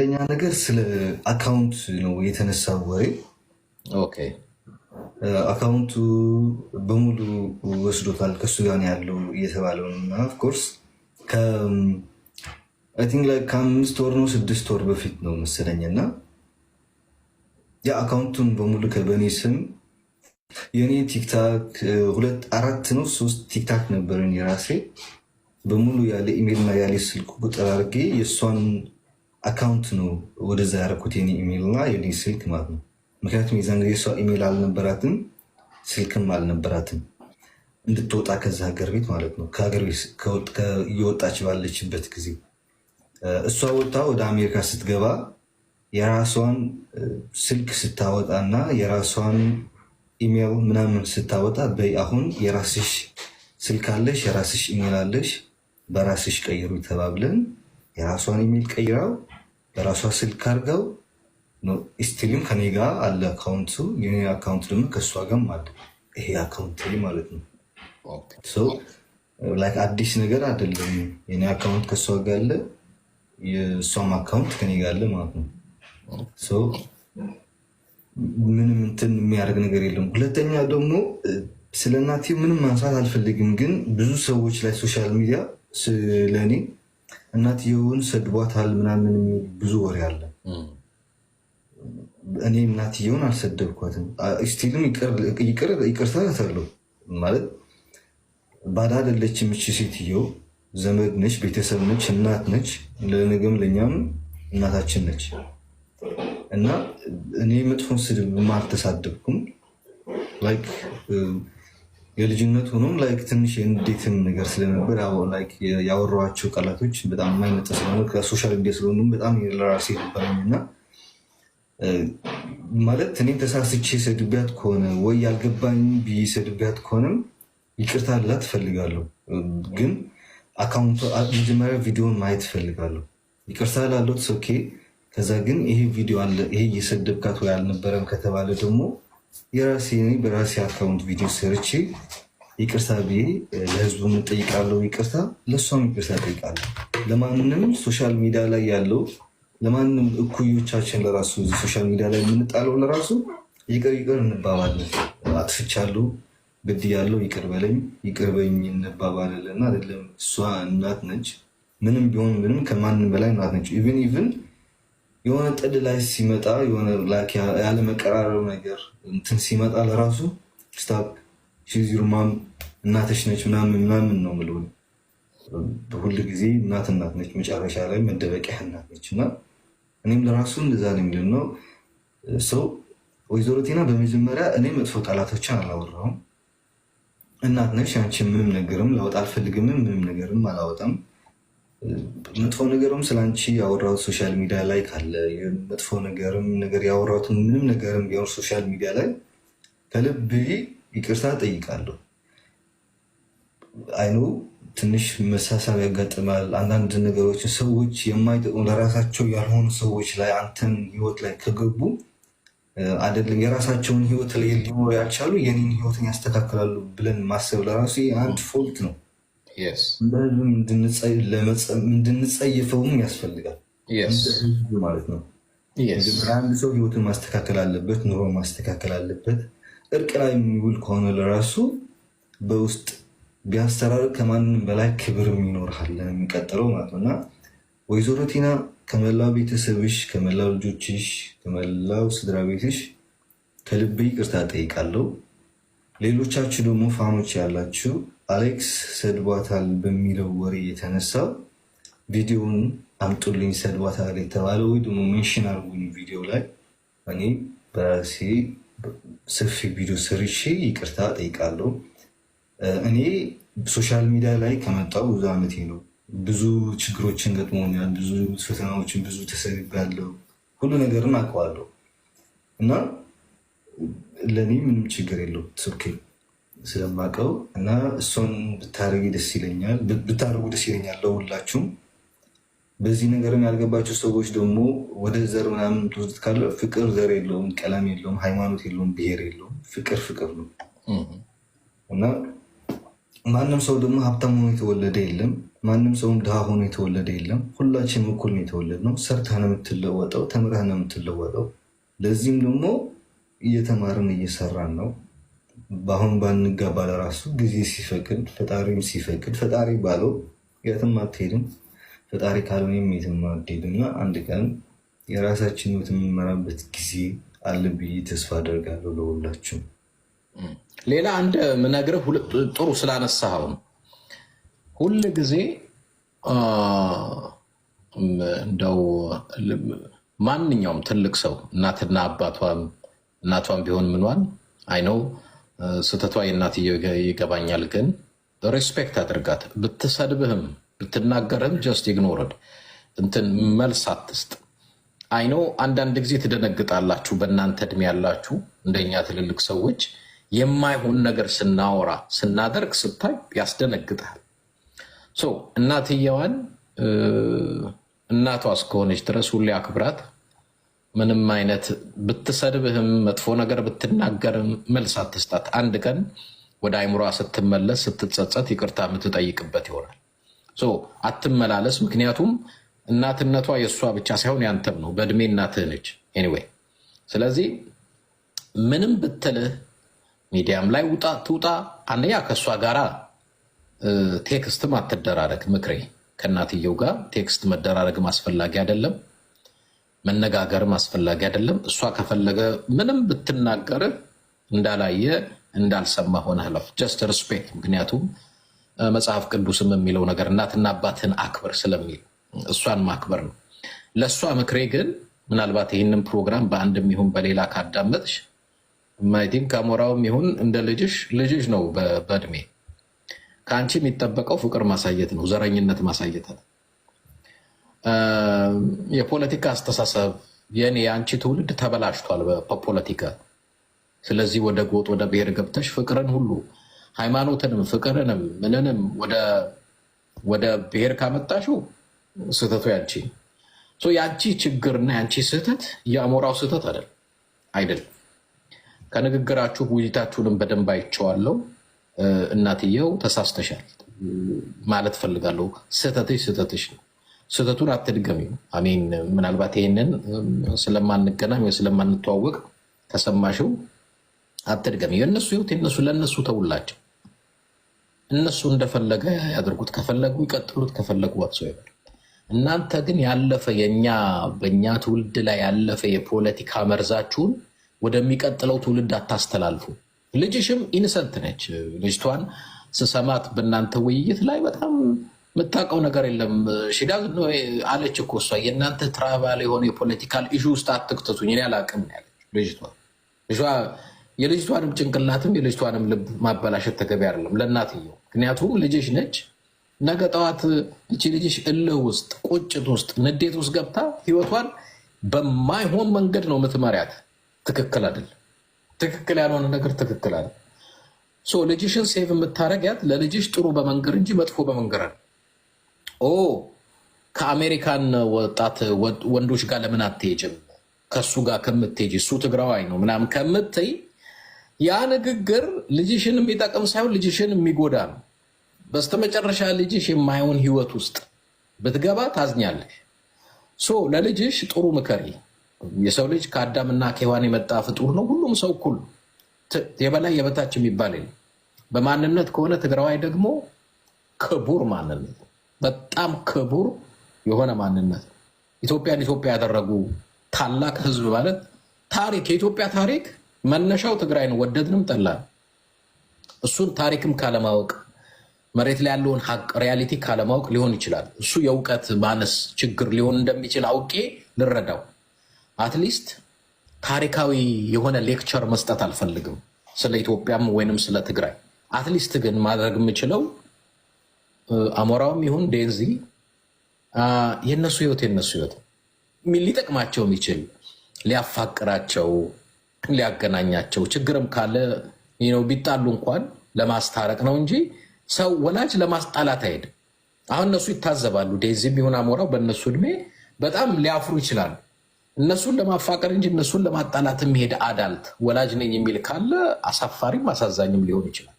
አንደኛ ነገር ስለ አካውንት ነው የተነሳ ወሬ። ኦኬ አካውንቱ በሙሉ ወስዶታል ከሱ ጋር ያለው እየተባለው ነው እና ኦፍኮርስ ቲንክ ላይ ከአምስት ወር ነው ስድስት ወር በፊት ነው መሰለኝ እና ያ አካውንቱን በሙሉ ከበኔ ስም የእኔ ቲክታክ ሁለት አራት ነው ሶስት ቲክታክ ነበረን የራሴ በሙሉ ያለ ኢሜልና ያለ ስልክ ቁጥር አድርጌ የእሷን አካውንት ነው ወደዛ ያደረኩት የኔ ኢሜል እና የኔ ስልክ ማለት ነው። ምክንያቱም የዛን ጊዜ እሷ ኢሜል አልነበራትም ስልክም አልነበራትም እንድትወጣ ከዛ ሀገር ቤት ማለት ነው። ከሀገር ቤት እየወጣች ባለችበት ጊዜ እሷ ወጣ ወደ አሜሪካ ስትገባ የራሷን ስልክ ስታወጣ እና የራሷን ኢሜል ምናምን ስታወጣ በይ አሁን የራስሽ ስልክ አለሽ፣ የራስሽ ኢሜል አለሽ፣ በራስሽ ቀይሩ ተባብለን የራሷን ኢሜል ቀይራው በራሷ ስልክ አድርገው ስትሪም ከኔ ጋ አለ አካውንቱ። የኔ አካውንት ደግሞ ከእሷ ጋርም አለ። ይሄ አካውንት ማለት ነው። አዲስ ነገር አይደለም። የኔ አካውንት ከእሷ ጋ አለ፣ የእሷም አካውንት ከኔ ጋ አለ ማለት ነው። ምንም እንትን የሚያደርግ ነገር የለም። ሁለተኛ ደግሞ ስለ እናቴ ምንም ማንሳት አልፈልግም፣ ግን ብዙ ሰዎች ላይ ሶሻል ሚዲያ ስለእኔ እናትየውን ሰድቧታል ምናምን የሚል ብዙ ወሬ አለ። እኔ እናትየውን አልሰደብኳትም። ስቲልም ይቅርታ ማለት ባዳ አይደለችም ምች ሴትዮ ዘመድ ነች፣ ቤተሰብ ነች፣ እናት ነች። ለነገም ለእኛም እናታችን ነች እና እኔ መጥፎን ስድብ አልተሳደብኩም ላይክ የልጅነት ሆኖም ላይክ ትንሽ የንዴትን ነገር ስለነበር ላይክ ያወራኋቸው ቃላቶች በጣም የማይመጣ ስለሆነ ከሶሻል ሚዲያ ስለሆኑ በጣም ለራሴ ነበረኝ እና ማለት እኔም ተሳስቼ ሰድቢያት ከሆነ ወይ ያልገባኝ ብዬ ሰድቢያት ከሆነም ይቅርታ ላ ትፈልጋለሁ። ግን አካውንቱ መጀመሪያ ቪዲዮን ማየት ትፈልጋለሁ። ይቅርታ ላለት ሰውኬ ከዛ ግን ይሄ ቪዲዮ አለ ይሄ እየሰደብካት ወይ አልነበረም ከተባለ ደግሞ የራሴ በራሴ አካውንት ቪዲዮ ሰርቼ ይቅርታ ብዬ ለህዝቡ እንጠይቃለሁ፣ ይቅርታ ለእሷም ይቅርታ ጠይቃለሁ። ለማንም ሶሻል ሚዲያ ላይ ያለው ለማንም እኩዮቻችን ለራሱ ሶሻል ሚዲያ ላይ የምንጣለው ለራሱ ይቅር ይቅር እንባባለን። አጥፍቻለሁ፣ በድያለሁ፣ ይቅር በለኝ፣ ይቅር በኝ እንባባለን። አይደለም እሷ እናት ነች፣ ምንም ቢሆን ምንም ከማንም በላይ እናት ነች። ኢቨን ኢቨን የሆነ ጥል ላይ ሲመጣ የሆነ ያለመቀራረብ ነገር እንትን ሲመጣ ለራሱ ስታፕ ማም እናተች ነች ምናምን ምናምን ነው ምለው። ሁል ጊዜ እናት እናት ነች፣ መጨረሻ ላይ መደበቂያ እናት ነች። እና እኔም ለራሱ እንደዛ ነው የሚልን ነው ሰው። ወይዘሮ ቴና በመጀመሪያ እኔ መጥፎ ቃላቶችን አላወራውም። እናት ነች አንቺ ምንም ነገርም ለወጥ አልፈልግምም ምንም ነገርም አላወጣም መጥፎ ነገርም ስለአንቺ ያወራሁት ሶሻል ሚዲያ ላይ ካለ መጥፎ ነገርም ነገር ያወራሁት ምንም ነገርም ቢሆን ሶሻል ሚዲያ ላይ ከልብ ይቅርታ ጠይቃለሁ። አይኑ ትንሽ መሳሳብ ያጋጥማል። አንዳንድ ነገሮችን ሰዎች የማይጠቅሙ ለራሳቸው ያልሆኑ ሰዎች ላይ አንተን ህይወት ላይ ከገቡ አይደለም የራሳቸውን ህይወት ላይ ሊኖሩ ያልቻሉ የኔን ህይወትን ያስተካክላሉ ብለን ማሰብ ለራሱ አንድ ፎልት ነው። እንድንጸየፈውም ያስፈልጋል ማለት ነው። አንድ ሰው ህይወትን ማስተካከል አለበት፣ ኑሮ ማስተካከል አለበት። እርቅ ላይ የሚውል ከሆነ ለራሱ በውስጥ ቢያሰራር ከማንም በላይ ክብር ይኖርሃል የሚቀጥለው ማለት ነው እና ወይዘሮ ቲና ከመላው ቤተሰብሽ፣ ከመላው ልጆችሽ፣ ከመላው ስድራ ቤትሽ ከልብ ይቅርታ ጠይቃለሁ። ሌሎቻችሁ ደግሞ ፋኖች ያላችሁ አሌክስ ሰድቧታል በሚለው ወሬ የተነሳ ቪዲዮውን አምጡልኝ ሰድቧታል የተባለ ወይ ደግሞ ሜንሽን አርጉኝ ቪዲዮ ላይ እኔ በራሴ ሰፊ ቪዲዮ ስርሼ ይቅርታ ጠይቃለሁ። እኔ ሶሻል ሚዲያ ላይ ከመጣው ብዙ ዓመቴ ነው። ብዙ ችግሮችን ገጥሞኛል፣ ብዙ ፈተናዎችን፣ ብዙ ተሰብቤያለሁ። ሁሉ ነገርን አውቀዋለሁ እና ለእኔ ምንም ችግር የለውም። ስለማቀው እና እሷን ብታደርጊ ደስ ይለኛል፣ ብታደርጉ ደስ ይለኛል ለሁላችሁም። በዚህ ነገርም ያልገባቸው ሰዎች ደግሞ ወደ ዘር ምናምን ትውስጥ ካለ ፍቅር ዘር የለውም፣ ቀለም የለውም፣ ሃይማኖት የለውም፣ ብሄር የለውም። ፍቅር ፍቅር ነው እና ማንም ሰው ደግሞ ሀብታም ሆኖ የተወለደ የለም። ማንም ሰውም ድሃ ሆኖ የተወለደ የለም። ሁላችንም እኩል ነው የተወለድነው። ሰርተህ ነው የምትለወጠው፣ ተምረህ ነው የምትለወጠው። ለዚህም ደግሞ እየተማርን እየሰራን ነው በአሁን ባንጋባ ለራሱ ጊዜ ሲፈቅድ ፈጣሪም ሲፈቅድ ፈጣሪ ባለው የትም አትሄድም፣ ፈጣሪ ካልሆነም የትም አትሄድም እና አንድ ቀን የራሳችን ህይወት የምንመራበት ጊዜ አለ ብዬ ተስፋ አደርጋለሁ። ለሁላችሁም ሌላ አንድ ምነግርህ ጥሩ ስላነሳኸው ነው። ሁል ጊዜ እንደው ማንኛውም ትልቅ ሰው እናትና አባቷም እናቷም ቢሆን ምኗን አይነው ስህተቷ የእናትየው ይገባኛል፣ ግን ሬስፔክት አድርጋት። ብትሰድብህም ብትናገርህም ጀስት ኢግኖርድ እንትን መልስ አትስጥ። አይኖ አንዳንድ ጊዜ ትደነግጣላችሁ፣ በእናንተ እድሜ ያላችሁ እንደኛ ትልልቅ ሰዎች የማይሆን ነገር ስናወራ ስናደርግ ስታይ ያስደነግጣል። እናትየዋን እናቷ እስከሆነች ድረስ ሁሌ አክብራት። ምንም አይነት ብትሰድብህም መጥፎ ነገር ብትናገርም መልስ አትስጣት። አንድ ቀን ወደ አይምሯ ስትመለስ ስትጸጸት ይቅርታ የምትጠይቅበት ይሆናል። አትመላለስ። ምክንያቱም እናትነቷ የእሷ ብቻ ሳይሆን ያንተም ነው። በእድሜ እናትህ ነች። ኤኒዌይ ስለዚህ ምንም ብትልህ ሚዲያም ላይ ውጣ ትውጣ፣ አንደኛ ከእሷ ጋር ቴክስትም አትደራረግ። ምክሬ ከእናትየው ጋር ቴክስት መደራረግም አስፈላጊ አይደለም። መነጋገርም አስፈላጊ አይደለም። እሷ ከፈለገ ምንም ብትናገር እንዳላየ እንዳልሰማ ሆነ ለፍ ጀስት ሪስፔክት። ምክንያቱም መጽሐፍ ቅዱስም የሚለው ነገር እናትና አባትን አክብር ስለሚል እሷን ማክበር ነው። ለእሷ ምክሬ ግን ምናልባት ይህንን ፕሮግራም በአንድም ይሁን በሌላ ካዳመጥሽ ማይቲንክ አሞራውም ይሁን እንደ ልጅሽ ልጅሽ ነው በእድሜ ከአንቺ የሚጠበቀው ፍቅር ማሳየት ነው፣ ዘረኝነት ማሳየት ነው። የፖለቲካ አስተሳሰብ የኔ የአንቺ ትውልድ ተበላሽቷል በፖለቲካ። ስለዚህ ወደ ጎጥ ወደ ብሔር ገብተሽ ፍቅርን ሁሉ ሃይማኖትንም ፍቅርንም ምንንም ወደ ብሔር ካመጣሽው ስህተቱ ያንቺ የአንቺ ችግርና የአንቺ ስህተት የአሞራው ስህተት አይደል አይደለም። ከንግግራችሁ ውይይታችሁንም በደንብ አይቼዋለሁ። እናትየው ተሳስተሻል ማለት ፈልጋለሁ። ስህተትሽ ስህተትሽ ነው። ስህተቱን አትድገሚ። አሜን። ምናልባት ይህንን ስለማንገናኝ ወይ ስለማንተዋወቅ ተሰማሽው አትድገሚ። የእነሱ ህይወት የነሱ ለእነሱ ተውላቸው። እነሱ እንደፈለገ ያድርጉት። ከፈለጉ ይቀጥሉት፣ ከፈለጉ ሰው እናንተ ግን ያለፈ የኛ በእኛ ትውልድ ላይ ያለፈ የፖለቲካ መርዛችሁን ወደሚቀጥለው ትውልድ አታስተላልፉ። ልጅሽም ኢንሰንት ነች። ልጅቷን ስሰማት በእናንተ ውይይት ላይ በጣም የምታውቀው ነገር የለም ሽዳ አለች እኮ እሷ። የእናንተ ትራቫል የሆነ የፖለቲካል ኢሹ ውስጥ አትክተቱኝ እኔ አላቅም ያለች ልጅቷ። የልጅቷንም ጭንቅላትም የልጅቷንም ልብ ማበላሸት ተገቢ አይደለም ለእናትየው። ምክንያቱም ልጅሽ ነች። ነገ ጠዋት እቺ ልጅሽ እልህ ውስጥ፣ ቁጭት ውስጥ፣ ንዴት ውስጥ ገብታ ህይወቷን በማይሆን መንገድ ነው የምትመሪያት። ትክክል አይደለም። ትክክል ያልሆነ ነገር ትክክል አለ። ልጅሽን ሴቭ የምታረጊያት ለልጅሽ ጥሩ በመንገር እንጂ መጥፎ በመንገር አለ ኦ ከአሜሪካን ወጣት ወንዶች ጋር ለምን አትሄጅም? ከሱ ጋር ከምትሄጅ እሱ ትግራዋይ ነው ምናምን ከምትይ ያ ንግግር ልጅሽን የሚጠቅም ሳይሆን ልጅሽን የሚጎዳ ነው። በስተመጨረሻ ልጅሽ የማይሆን ህይወት ውስጥ ብትገባ ታዝኛለሽ። ሶ ለልጅሽ ጥሩ ምከሪ። የሰው ልጅ ከአዳምና ከሔዋን የመጣ ፍጡር ነው። ሁሉም ሰው እኩል የበላይ የበታች የሚባል በማንነት ከሆነ ትግራዋይ ደግሞ ክቡር ማንነት በጣም ክቡር የሆነ ማንነት ነው። ኢትዮጵያን ኢትዮጵያ ያደረጉ ታላቅ ህዝብ ማለት ታሪክ የኢትዮጵያ ታሪክ መነሻው ትግራይ ነው። ወደድንም ጠላን። እሱን ታሪክም ካለማወቅ መሬት ላይ ያለውን ሀቅ ሪያሊቲ ካለማወቅ ሊሆን ይችላል። እሱ የእውቀት ማነስ ችግር ሊሆን እንደሚችል አውቄ ልረዳው። አትሊስት ታሪካዊ የሆነ ሌክቸር መስጠት አልፈልግም ስለ ኢትዮጵያም ወይንም ስለ ትግራይ። አትሊስት ግን ማድረግ የምችለው አሞራውም ይሁን ዴንዚ የነሱ ህይወት የነሱ ህይወት ሊጠቅማቸው የሚችል ሊያፋቅራቸው ሊያገናኛቸው ችግርም ካለ ነው ቢጣሉ እንኳን ለማስታረቅ ነው እንጂ ሰው ወላጅ ለማስጣላት አይሄድም። አሁን እነሱ ይታዘባሉ። ዴዚም ይሁን አሞራው በእነሱ እድሜ በጣም ሊያፍሩ ይችላሉ። እነሱን ለማፋቀር እንጂ እነሱን ለማጣላት የሚሄድ አዳልት ወላጅ ነኝ የሚል ካለ አሳፋሪም አሳዛኝም ሊሆን ይችላል።